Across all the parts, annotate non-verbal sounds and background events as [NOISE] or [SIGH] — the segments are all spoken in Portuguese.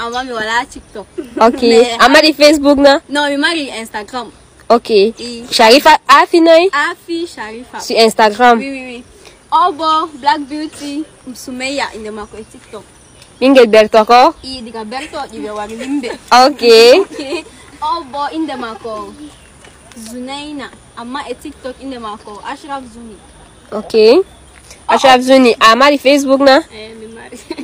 and one be TikTok. Okay. [LAUGHS] Amari Facebook na? No, we marry Instagram. ok E. Sharifa Afi na? Afi Sharifa. Sur Instagram. Oui, oui, oui. Obo, Black Beauty, Msumeya in the market TikTok. Mingel Berto ko? I diga Berto ibe wari limbe. [LAUGHS] ok ok Obo in the market. Zunaina, amma e TikTok in the market. Ashraf Zuni. ok Ashraf Zuni, amari Facebook na? Eh,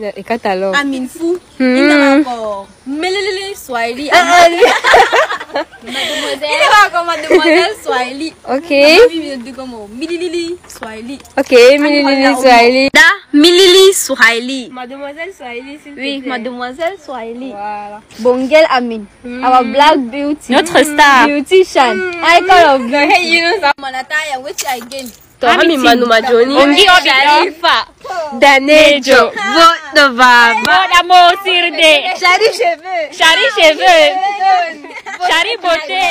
E katalog. Amin Fou. Hmm. Il n'a encore. Melelele Swahili. Ah, ah, [LAUGHS] mademoiselle. Il n'a encore mademoiselle [LAUGHS] Swahili. Ok. Mililili Swahili. Ok, Mililili Swahili. Da Milili Swahili. Mademoiselle Swahili, s'il Oui, mademoiselle Swahili. Voilà. Bongel Amin. Mm. Our black beauty. Notre star. Beauty Shan. Mm. Icon of beauty. [LAUGHS] Hey, you know that. Manataya, which again. 神沼 Johnny ah, Sharifa Danejo Vodova Voda Mosirde Shari Chevu Shari Chevu Shari Bote